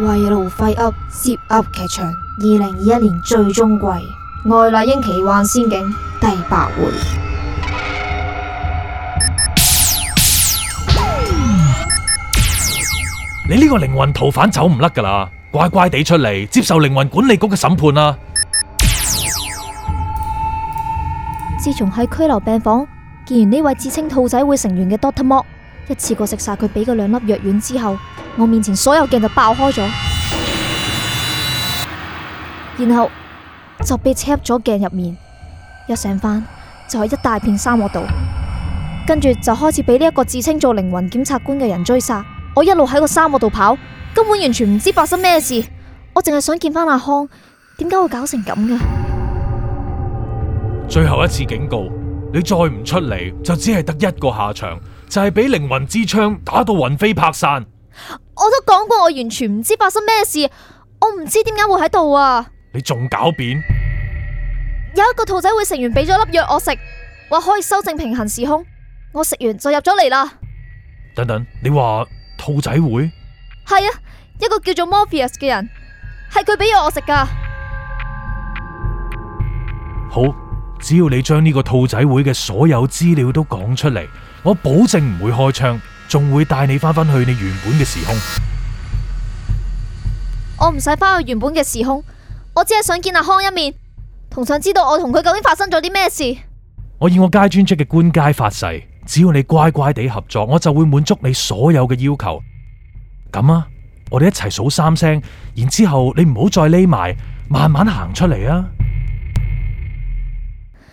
為路廢屋，Zip 噏劇場，二零二一年最終季，愛麗英奇幻仙境第八回。你呢個靈魂逃犯走唔甩噶啦，乖乖地出嚟接受靈魂管理局嘅審判啦，啊！自從喺拘留病房見完呢位自稱兔仔會成員嘅 Doctor Mo，一次過食晒佢俾嘅兩粒藥丸之後，我面前所有鏡就爆開咗，然後就被插咗鏡入面，一醒翻，就係一大片沙漠度，跟住就開始俾呢一個自稱做靈魂檢察官嘅人追殺。我一路喺個沙漠度跑，根本完全唔知發生咩事，我淨係想見翻阿康，點解會搞成咁嘅？最後一次警告，你再唔出嚟，就只係得一個下場，就係俾靈魂之槍打到魂飛魄散。我都講過，我完全唔知發生咩事，我唔知點解會喺度啊！你仲狡辯？有一個兔仔會成員俾咗粒藥我食，話可以修正平衡時空。我食完就入咗嚟啦。等等，你話兔仔會？係啊，一個叫做 Morpheus 嘅人，係佢俾藥我食㗎。好，只要你將呢個兔仔會嘅所有資料都講出嚟，我保證唔會開槍。仲會帶你翻返去你原本嘅時空。我唔使翻去原本嘅時空，我只係想見阿康一面，同想知道我同佢究竟發生咗啲咩事。我以我街專職嘅官階發誓，只要你乖乖地合作，我就會滿足你所有嘅要求。咁啊，我哋一齊數三聲，然之後你唔好再匿埋，慢慢行出嚟啊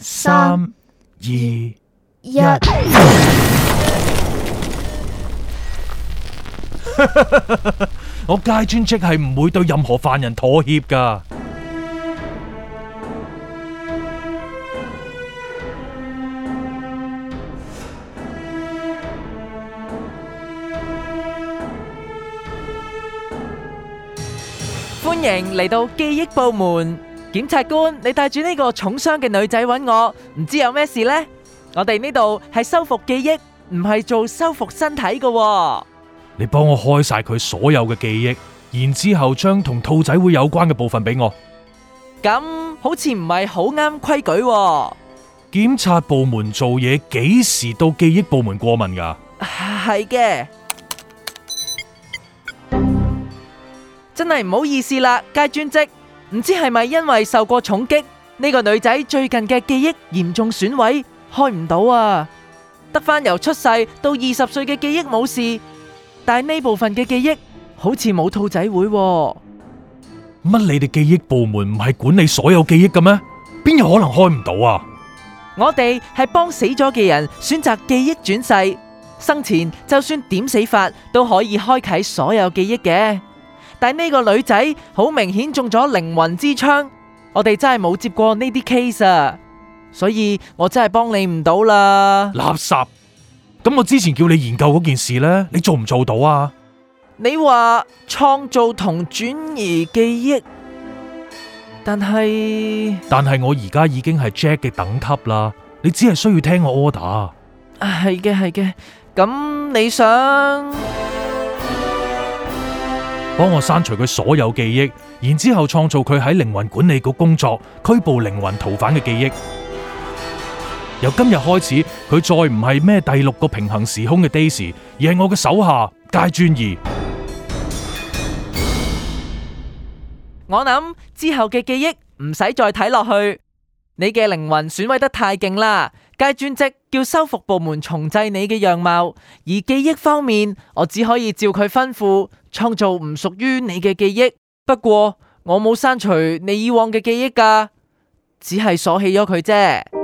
3, 2,！三二一。我介專職係唔會對任何犯人妥協噶。歡迎嚟到記憶部門，檢察官，你帶住呢個重傷嘅女仔揾我，唔知有咩事呢？我哋呢度係修復記憶，唔係做修復身體噶。你幫我開晒佢所有嘅記憶，然之後將同兔仔會有關嘅部分俾我。咁好似唔係好啱規矩啊。檢察部門做嘢幾時到記憶部門過問噶？係嘅的， 真係唔好意思啦，佳專職唔知係咪因為受過重擊，呢個女仔最近嘅記憶嚴重損毀，開唔到啊，得翻由出世到二十歲嘅記憶冇事。但呢部分嘅記憶好似冇兔仔會，乜你哋記憶部門唔係管理所有記憶嘅咩？邊有可能開唔到啊？我哋係幫死咗嘅人選擇記憶轉世，生前就算點死法都可以開啟所有記憶嘅。但呢個女仔好明顯中咗靈魂之槍，我哋真係冇接過呢啲 case 啊，所以我真係幫你唔到啦。垃圾。咁我之前叫你研究嗰件事呢，你做唔做到啊？你話創造同轉移記憶，但係但係我而家已經係 Jack 嘅等級啦，你只係需要聽我 order。係嘅係嘅，咁你想幫我刪除佢所有記憶，然之後創造佢喺靈魂管理局工作、拘捕靈魂逃犯嘅記憶。由今日開始，佢再唔係咩第六個平衡時空嘅 Daisy 而係我嘅手下階磚2。我諗之後嘅記憶唔使再睇落去，你嘅靈魂損毀得太勁啦，階磚2叫修復部門重製你嘅樣貌。而記憶方面，我只可以照佢吩咐創造唔屬於你嘅記憶。不過我冇刪除你以往嘅記憶噶，只係鎖起咗佢啫。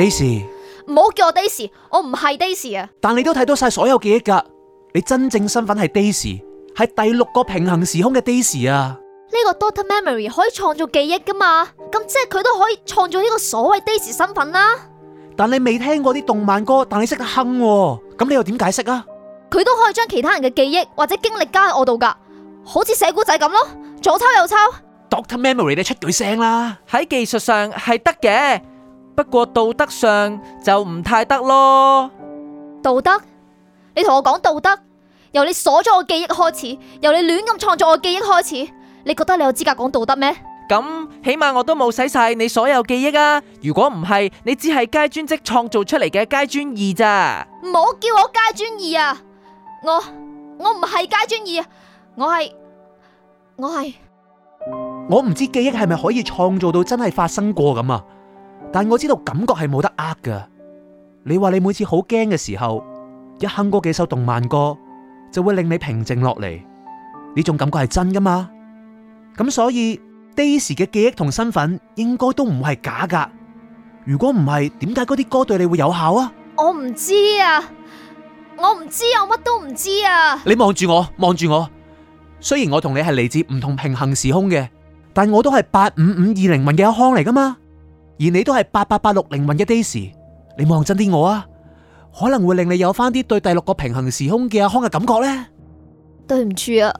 Daisy，唔好叫我 Daisy，我唔係 Daisy 啊！但你都睇到晒所有記憶噶，你真正身份係 Daisy，係第六個平衡時空嘅 Daisy 啊！呢個 Doctor Memory 可以創造記憶噶嘛？咁即係佢都可以創造呢個所謂 Daisy 身份啦、啊。但你未聽過啲動漫歌，但你識得哼、啊，咁你又點解釋啊？佢都可以將其他人嘅記憶或者經歷加喺我度噶，好似寫古仔咁咯，左抄右抄 Doctor Memory，你出句聲啦，喺技術上係得嘅。不過道德上就唔太得咯。道德？你同我講道德？由你鎖咗我記憶開始，由你亂咁創作我記憶開始，你覺得你有資格講道德咩？咁起碼我都冇使晒你所有記憶啊！如果唔係，你只係階磚職創造出嚟嘅階磚二咋。唔好叫我階磚二啊！我我唔係階磚二，我係我係。我唔知記憶係咪可以創造到真係發生過咁啊？但我知道感覺係冇得呃噶。你話你每次好驚嘅時候，一哼嗰幾首動漫歌，就會令你平靜落嚟。呢種感覺係真噶嘛咁所以，Daisy 嘅記憶同身份應該都唔係假噶。如果唔係，點解嗰啲歌對你會有效啊？我唔知啊，我唔知，我乜都唔知啊。你望住我，望住我。雖然我同你係嚟自唔同平行時空嘅，但我都係八五五二零民嘅阿康嚟噶嘛而你都係八八八六靈魂嘅 Daisy，你望真啲我啊，可能會令你有翻啲對第六個平衡時空嘅阿康嘅感覺咧。對唔住啊，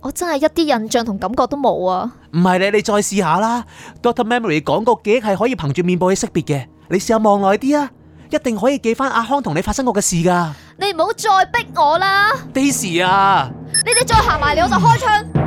我真係一啲印象同感覺都冇啊。唔係你，你再試下啦。Doctor Memory 講個記憶係可以憑住面部去識別嘅，你試下望耐啲啊，一定可以記翻阿康同你發生過嘅事噶。你唔好再逼我啦，Daisy 啊！你哋再行埋嚟我就開槍。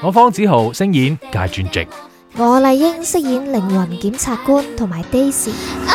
我方子豪聲演階磚2，我麗英飾演靈魂檢察官同埋 Daisy、啊。